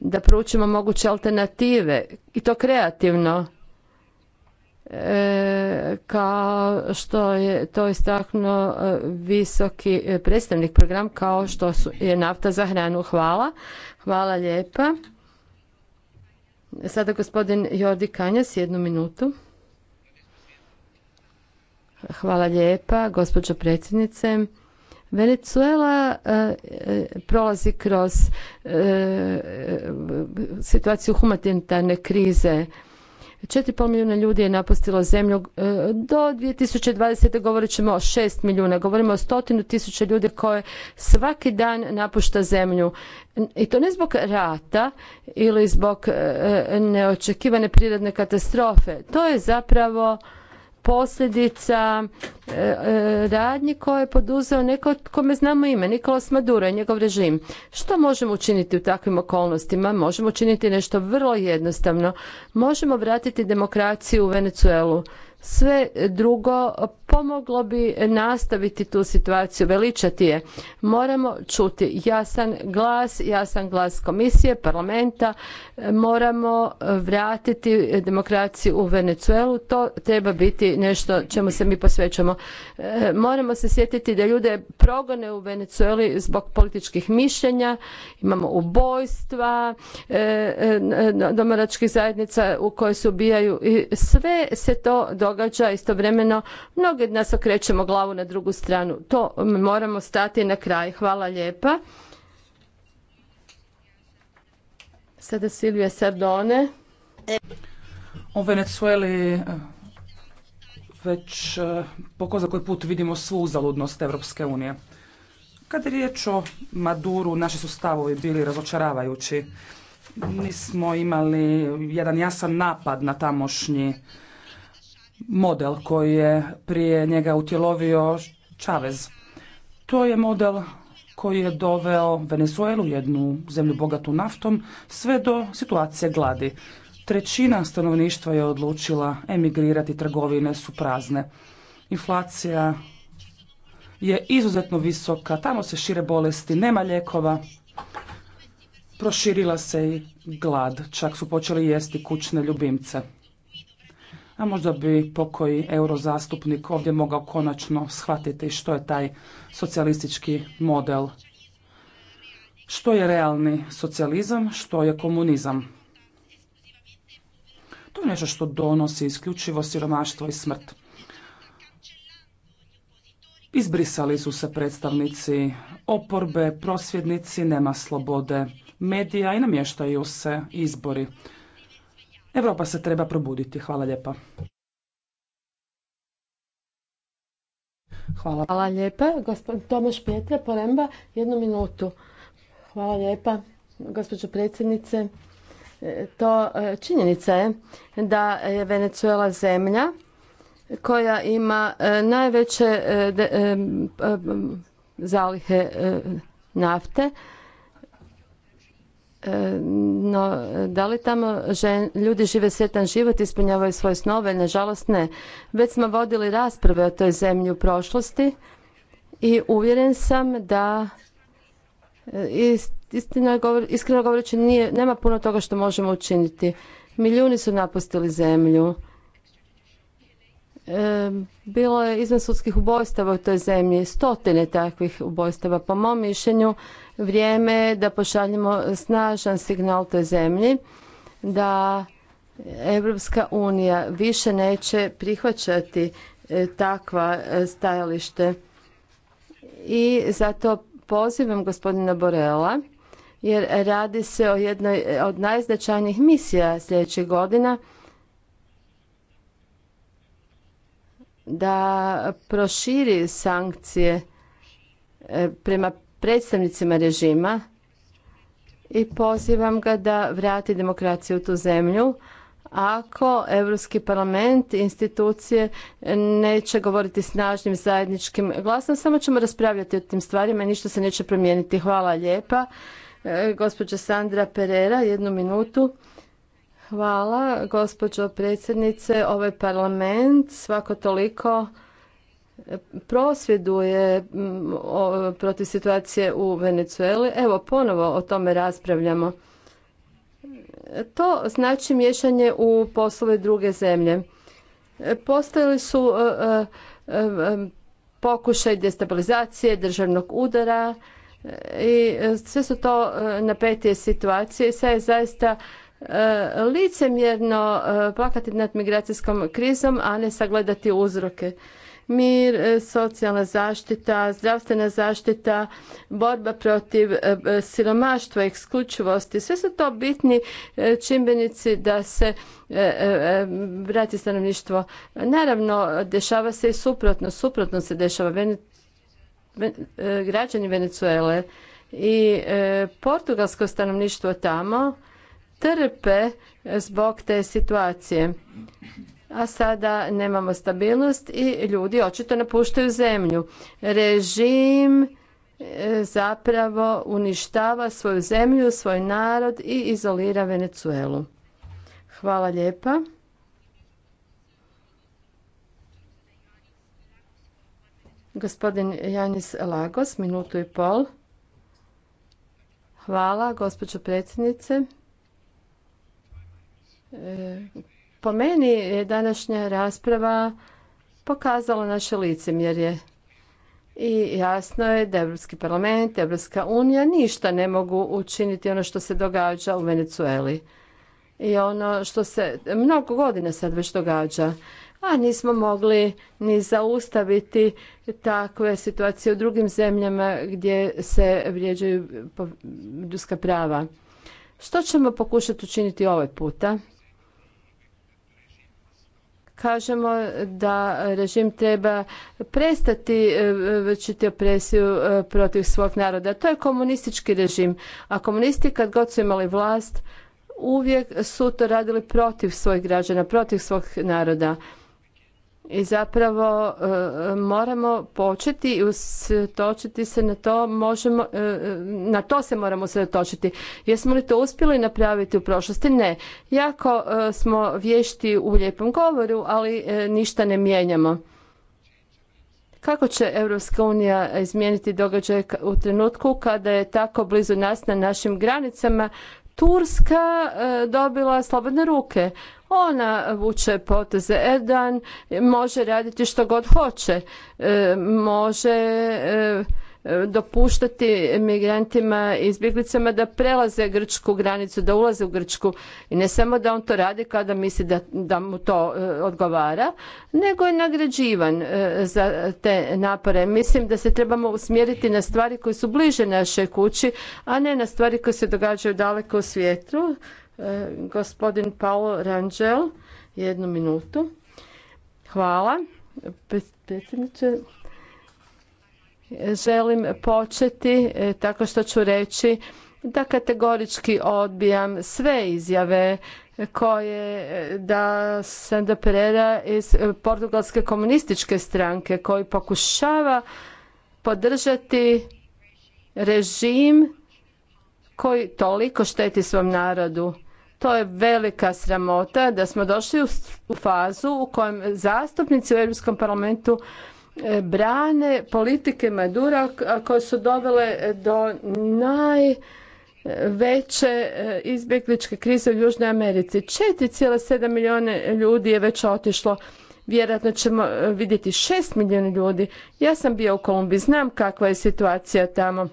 da proučimo moguće alternative i to kreativno e, kao što je to istaknuo e, visoki e, predstavnik program kao što su, je nafta za hranu. Hvala. Hvala lijepa. Sada gospodin Jordi Kanjas, jednu minutu. Hvala lijepa, gospođo predsjednice. Venezuela e, e, prolazi kroz e, situaciju humanitarne krize. 4,5 milijuna ljudi je napustilo zemlju. Do 2020. govorit ćemo o 6 milijuna. Govorimo o stotinu tisuća ljudi koje svaki dan napušta zemlju. I to ne zbog rata ili zbog neočekivane prirodne katastrofe. To je zapravo posljedica e, e, radnji koje je poduzeo neko kome znamo ime, Nikolas Maduro i njegov režim. Što možemo učiniti u takvim okolnostima? Možemo učiniti nešto vrlo jednostavno. Možemo vratiti demokraciju u Venecuelu. Sve drugo pomoglo bi nastaviti tu situaciju, veličati je. Moramo čuti jasan glas, jasan glas komisije, parlamenta. Moramo vratiti demokraciju u Venezuelu. To treba biti nešto čemu se mi posvećamo. Moramo se sjetiti da ljude progone u Venezueli zbog političkih mišljenja. Imamo ubojstva domoračkih zajednica u kojoj se ubijaju i sve se to događa događa, istovremeno mnogi od nas okrećemo glavu na drugu stranu. To moramo stati na kraj. Hvala lijepa. Sada Silvija Sardone. U Venezueli e, već e, po za koji put vidimo svu uzaludnost Evropske unije. Kada je riječ o Maduru, naši su stavovi bili razočaravajući. Nismo imali jedan jasan napad na tamošnji model koji je prije njega utjelovio Čavez. To je model koji je doveo Venezuelu, jednu zemlju bogatu naftom, sve do situacije gladi. Trećina stanovništva je odlučila emigrirati, trgovine su prazne. Inflacija je izuzetno visoka, tamo se šire bolesti, nema lijekova. Proširila se i glad, čak su počeli jesti kućne ljubimce a možda bi pokoji eurozastupnik ovdje mogao konačno shvatiti što je taj socijalistički model. Što je realni socijalizam, što je komunizam. To je nešto što donosi isključivo siromaštvo i smrt. Izbrisali su se predstavnici oporbe, prosvjednici, nema slobode medija i namještaju se izbori. Europa se treba probuditi. Hvala lijepa. Hvala. Hvala lijepa. Gospodin Tomaš Pjetra, Poremba, jednu minutu. Hvala lijepa, gospođo predsjednice. E, to e, činjenica je da je Venezuela zemlja koja ima e, najveće zalihe nafte E, no da li tamo ljudi žive svjetan život, ispunjavaju svoje snove? Nažalost ne. Već smo vodili rasprave o toj zemlji u prošlosti i uvjeren sam da e, istina, iskreno govoreći nije, nema puno toga što možemo učiniti. Milijuni su napustili zemlju. E, bilo je izvan sudskih ubojstava u toj zemlji, stotine takvih ubojstava. Po mom mišljenju, Vrijeme da pošaljemo snažan signal toj zemlji da Europska unija više neće prihvaćati e, takva e, stajalište. I zato pozivam gospodina Borela jer radi se o jednoj e, od najznačajnijih misija sljedećih godina da proširi sankcije prema predstavnicima režima i pozivam ga da vrati demokraciju u tu zemlju ako Europski parlament i institucije neće govoriti snažnim zajedničkim glasom, samo ćemo raspravljati o tim stvarima i ništa se neće promijeniti. Hvala lijepa. E, gospođa Sandra Perera, jednu minutu. Hvala, gospođo predsjednice. Ovaj parlament svako toliko prosvjeduje mm, protiv situacije u Venezueli. Evo, ponovo o tome raspravljamo. To znači miješanje u poslove druge zemlje. Postojali su e, e, e, pokušaj destabilizacije, državnog udara i sve su to napetije situacije Sve je zaista licemjerno plakati nad migracijskom krizom, a ne sagledati uzroke mir, e, socijalna zaštita, zdravstvena zaštita, borba protiv e, e, siromaštva, isključivosti. Sve su to bitni čimbenici da se vrati stanovništvo. Naravno, dešava se i suprotno. Suprotno se dešava. Građani Venecuele. i portugalsko stanovništvo tamo trpe zbog te situacije a sada nemamo stabilnost i ljudi očito napuštaju zemlju. Režim e, zapravo uništava svoju zemlju, svoj narod i izolira Venecuelu. Hvala lijepa. Gospodin Janis Lagos, minutu i pol. Hvala, gospođo predsjednice. E, po meni je današnja rasprava pokazala naše licemjerje. I jasno je da Europski parlament, Europska unija ništa ne mogu učiniti ono što se događa u Venecueli. I ono što se mnogo godina sad već događa. A nismo mogli ni zaustaviti takve situacije u drugim zemljama gdje se vrijeđaju ljudska prava. Što ćemo pokušati učiniti ovaj puta? kažemo da režim treba prestati e, vršiti opresiju e, protiv svog naroda. To je komunistički režim. A komunisti kad god su imali vlast uvijek su to radili protiv svojih građana, protiv svog naroda i zapravo e, moramo početi i usredotočiti se na to možemo e, na to se moramo usredotočiti jesmo li to uspjeli napraviti u prošlosti ne jako e, smo vješti u lijepom govoru ali ništa ne mijenjamo kako će Europska unija izmijeniti događaj u trenutku kada je tako blizu nas na našim granicama Turska dobila slobodne ruke ona vuče poteze. Erdan može raditi što god hoće. E, može e, dopuštati migrantima i izbjeglicama da prelaze grčku granicu, da ulaze u Grčku. I ne samo da on to radi kada misli da, da mu to e, odgovara, nego je nagrađivan za te napore. Mislim da se trebamo usmjeriti na stvari koje su bliže našoj kući, a ne na stvari koje se događaju daleko u svijetu. Gospodin Paolo Rangel, jednu minutu. Hvala, predsjedniče. Želim početi e, tako što ću reći da kategorički odbijam sve izjave koje da Sanda Pereira iz portugalske komunističke stranke koji pokušava podržati režim koji toliko šteti svom narodu to je velika sramota da smo došli u fazu u kojem zastupnici u Europskom parlamentu e, brane politike Madura koje su dovele do naj e, izbjegličke krize u Južnoj Americi. 4,7 milijuna ljudi je već otišlo. Vjerojatno ćemo e, vidjeti 6 milijuna ljudi. Ja sam bio u Kolumbiji, znam kakva je situacija tamo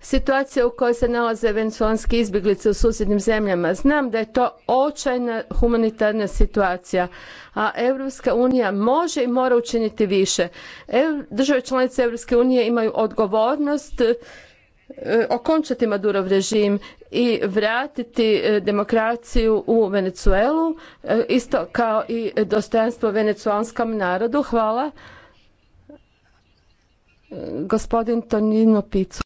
situacija u kojoj se nalaze venezuelanski izbjeglice u susjednim zemljama. Znam da je to očajna humanitarna situacija, a Europska unija može i mora učiniti više. Države članice Europske unije imaju odgovornost e, okončati Madurov režim i vratiti e, demokraciju u Venezuelu, e, isto kao i dostojanstvo venecuanskom narodu. Hvala. Gospodin Tonino Picu.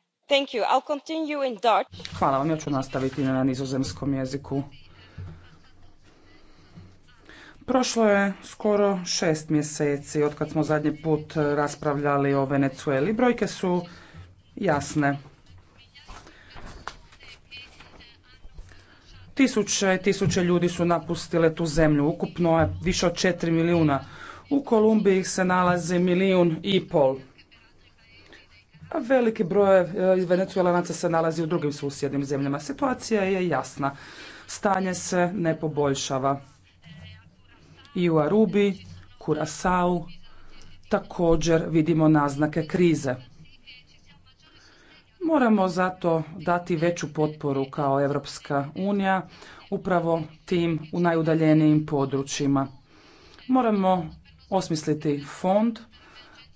Thank you. Hvala vam, ja ću nastaviti na nizozemskom jeziku. Prošlo je skoro šest mjeseci od kad smo zadnji put raspravljali o Venezueli. Brojke su jasne. Tisuće i tisuće ljudi su napustile tu zemlju. Ukupno je više od četiri milijuna. U Kolumbiji se nalazi milijun i pol a veliki broj e, venecuelanaca se nalazi u drugim susjednim zemljama. Situacija je jasna. Stanje se ne poboljšava. I u Arubi, Kurasau također vidimo naznake krize. Moramo zato dati veću potporu kao Europska unija upravo tim u najudaljenijim područjima. Moramo osmisliti fond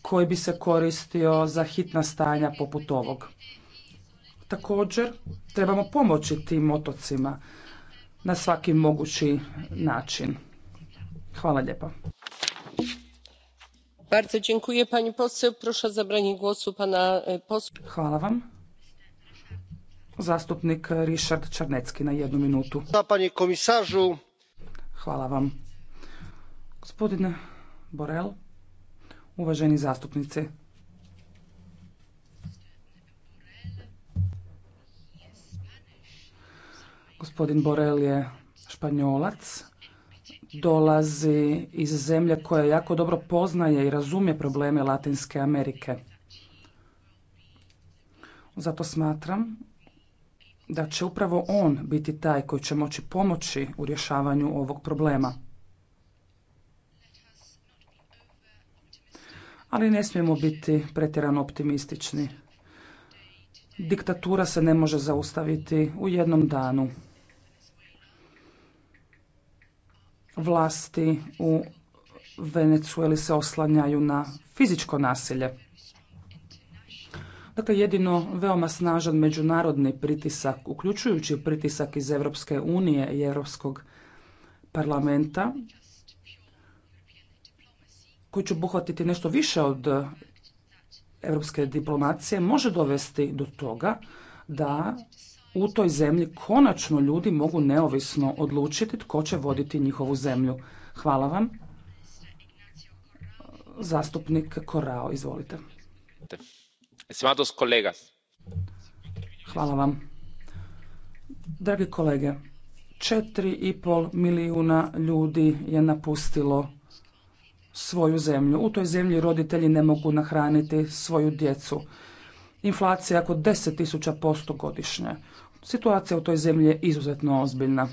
koji bi se koristio za hitna stanja poput ovog. Također, trebamo pomoći tim otocima na svaki mogući način. Hvala lijepa. Bardzo dziękuję pani poseł. Proszę zabranie głosu pana e, Hvala vam. Zastupnik Richard Czarnecki na jednu minutu. Panie komisarzu. Hvala vam. Gospodine Borel, uvaženi zastupnici. Gospodin Borel je španjolac, dolazi iz zemlje koja jako dobro poznaje i razumije probleme Latinske Amerike. Zato smatram da će upravo on biti taj koji će moći pomoći u rješavanju ovog problema. ali ne smijemo biti pretjerano optimistični. Diktatura se ne može zaustaviti u jednom danu. Vlasti u Venecueli se oslanjaju na fizičko nasilje. Dakle, jedino veoma snažan međunarodni pritisak, uključujući pritisak iz Europske unije i Europskog parlamenta, koji će obuhvatiti nešto više od europske diplomacije može dovesti do toga da u toj zemlji konačno ljudi mogu neovisno odlučiti tko će voditi njihovu zemlju. Hvala vam. Zastupnik Korao, izvolite. Hvala vam. Dragi kolege, četiri i pol milijuna ljudi je napustilo svoju zemlju. U toj zemlji roditelji ne mogu nahraniti svoju djecu. Inflacija je oko 10.000% godišnje. Situacija u toj zemlji je izuzetno ozbiljna.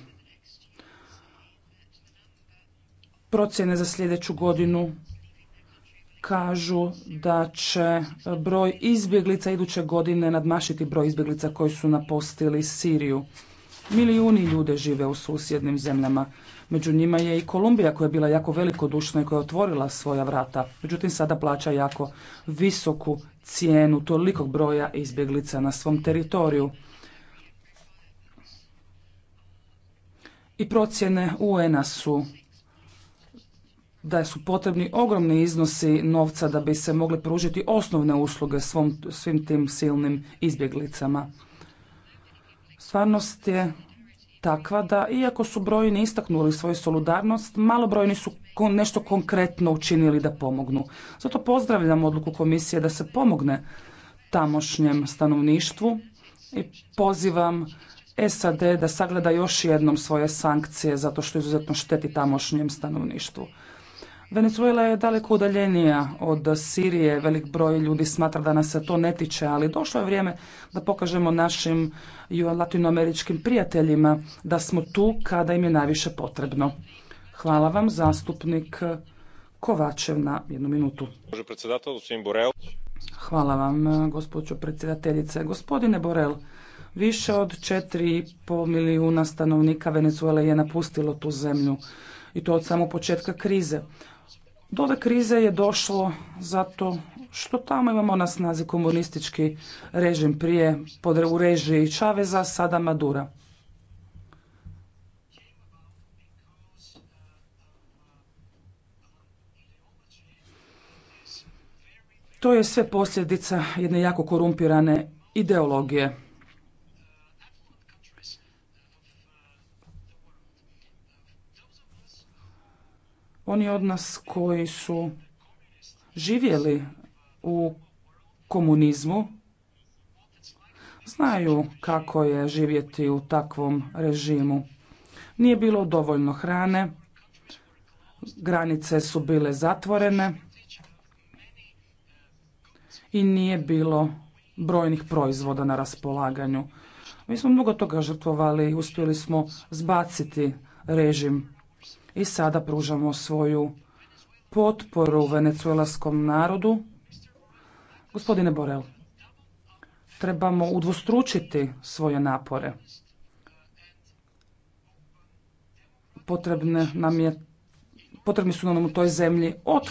Procjene za sljedeću godinu kažu da će broj izbjeglica iduće godine nadmašiti broj izbjeglica koji su napostili Siriju. Milijuni ljude žive u susjednim zemljama. Među njima je i Kolumbija koja je bila jako velikodušna i koja je otvorila svoja vrata. Međutim, sada plaća jako visoku cijenu tolikog broja izbjeglica na svom teritoriju. I procjene UN-a su da su potrebni ogromni iznosi novca da bi se mogle pružiti osnovne usluge svim tim silnim izbjeglicama. Stvarnost je takva da iako su brojni istaknuli svoju solidarnost, malobrojni su nešto konkretno učinili da pomognu. Zato pozdravljam odluku komisije da se pomogne tamošnjem stanovništvu i pozivam SAD da sagleda još jednom svoje sankcije zato što izuzetno šteti tamošnjem stanovništvu. Venezuela je daleko udaljenija od Sirije, velik broj ljudi smatra da nas se to ne tiče, ali došlo je vrijeme da pokažemo našim latinoameričkim prijateljima da smo tu kada im je najviše potrebno. Hvala vam, zastupnik Kovačev na jednu minutu. Hvala vam, gospođo predsjedateljice. Gospodine Borel, više od 4,5 milijuna stanovnika Venezuele je napustilo tu zemlju i to od samog početka krize. Do ove krize je došlo zato što tamo imamo na snazi komunistički režim prije pod, u režiji Čaveza, sada Madura. To je sve posljedica jedne jako korumpirane ideologije. Oni od nas koji su živjeli u komunizmu znaju kako je živjeti u takvom režimu. Nije bilo dovoljno hrane, granice su bile zatvorene i nije bilo brojnih proizvoda na raspolaganju. Mi smo mnogo toga žrtvovali i uspjeli smo zbaciti režim. I sada pružamo svoju potporu venecuelaskom narodu. Gospodine Borel, trebamo udvostručiti svoje napore. Potrebne nam je, potrebni su nam u toj zemlji